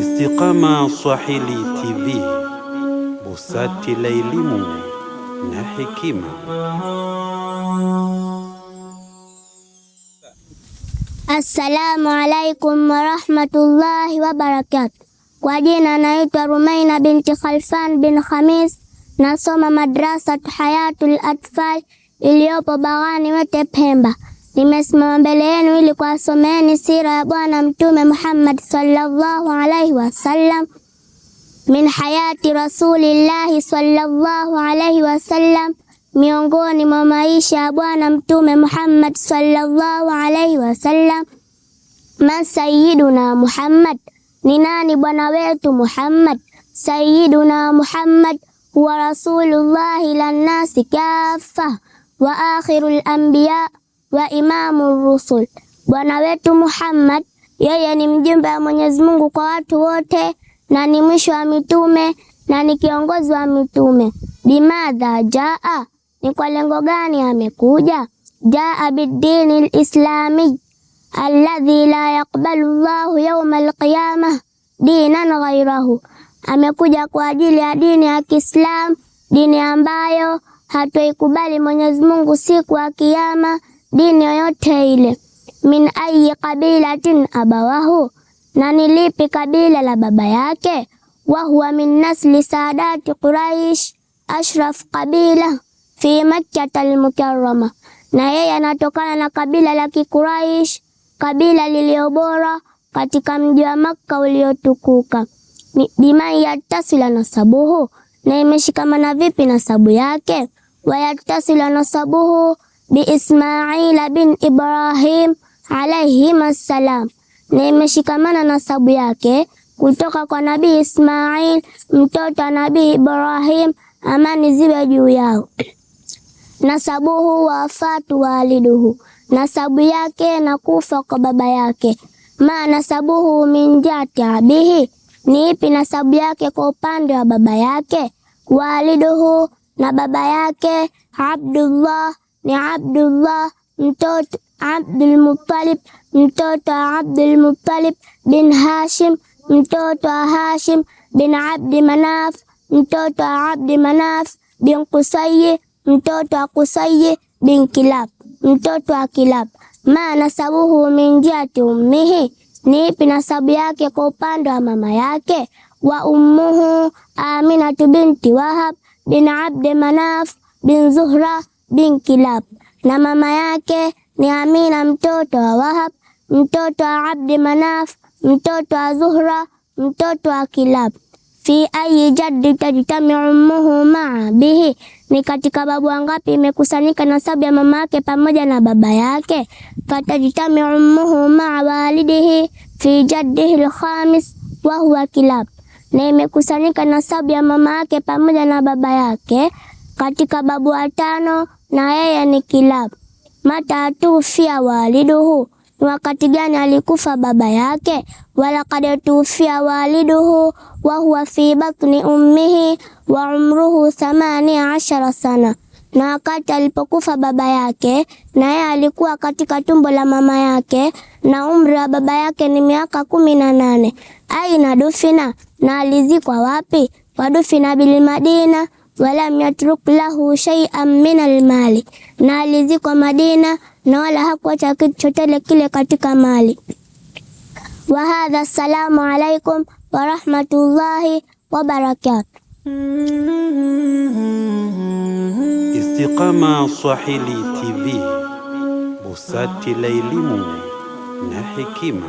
Istiqama Swahili TV, busati la elimu na hekima. Assalamu alaikum warahmatullahi wabarakatu. Kwa jina naitwa Rumaina binti Khalfan bin Khamis, nasoma madrasatu Hayatul Atfal iliyopo bawani Wete, Pemba. Limesimama mbele yenu ili kuwasomeni sira ya Bwana Mtume Muhammad sallallahu alaihi wasallam min hayati rasulillahi sallallahu alaihi wasallam, miongoni mwa maisha ya Bwana Mtume Muhammad sallallahu alaihi wasallam. Man sayyiduna Muhammad, ni nani bwana wetu Muhammad? Sayyiduna Muhammad huwa rasulullahi lannasi kafa wa akhirul anbiya wa imamu rusul, bwana wetu Muhammad, yeye ni mjumbe wa Mwenyezi Mungu kwa watu wote na ni mwisho wa mitume na ni kiongozi wa mitume. Bimadha jaa, ni kwa lengo gani amekuja? Jaa biddini lislami alladhi la yaqbalu llahu yauma alqiyama dinan ghairahu, amekuja kwa ajili ya dini ya Kiislamu, dini ambayo hatoikubali Mwenyezi Mungu siku ya Kiyama dini yoyote ile. Min ayi qabilatin abawahu, na ni lipi kabila la baba yake. Wa huwa min nasli saadati Quraish, ashraf qabila fi makkah al-Mukarrama, na yeye anatokana na kabila la Kikuraish, kabila liliobora katika mji wa Makka uliotukuka. Bima yatasila nasabuhu, na imeshikamana vipi nasabu yake? Wayatasila nasabuhu biismaila bin Ibrahim alaihim salam, na imeshikamana na sabu yake kutoka kwa Nabii Ismail mtoto wa Nabii Ibrahim, amani ziwe juu yao. Nasabuhu wafatu waliduhu, nasabu yake na kufa kwa baba yake. Ma nasabuhu min jati abihi, ni ipi nasabu yake kwa upande wa baba yake? Waliduhu, na baba yake Abdullah ni Abdullah mtoto Abdulmuttalib mtoto wa Abdulmuttalib bin Hashim mtoto wa Hashim bin Abdi Manaf mtoto wa Manaf bin Kusayi mtoto wa Kusayi bin Kilab mtoto wa Kilab. Ma nasabuhu min jati ummihi, ni ipi nasabu yake kwa upande wa mama yake. Wa ummuhu Aminatu binti Wahab bin abd Manaf bin Zuhra bin Lab na mama yake ni Amina mtoto wa Wahab mtoto wa Abdi Manaf mtoto wa Zuhra mtoto wa Kilab. Fi ayi jaddi tajtami ummuhu maa bihi, ni katika babu wangapi imekusanyika nasabu ya mama yake pamoja na baba yake. Fatajtami ummuhu maa walidihi fi jaddihi alkhamis wa huwa Kilab, na imekusanyika nasabu ya mama yake pamoja na baba yake katika babu watano na yeye ni kilabu. Matatu fia waliduhu, ni wakati gani alikufa baba yake? Walakad tufia waliduhu wa huwa fi batni ummihi wa umruhu thamania ashara sana, na wakati alipokufa baba yake na yeye alikuwa katika tumbo la mama yake na umri wa baba yake ni miaka kumi na nane. Aina dufina, na alizikwa wapi? Wadufina bil Madina walam yatruk lahu shay'an min almali, na alizikwa Madina na wala hakuacha kitu chochote kile katika mali. Wa hadha, assalamu alaikum wa rahmatullahi wa barakatuh. Istiqama Swahili TV, busati la elimu na hekima.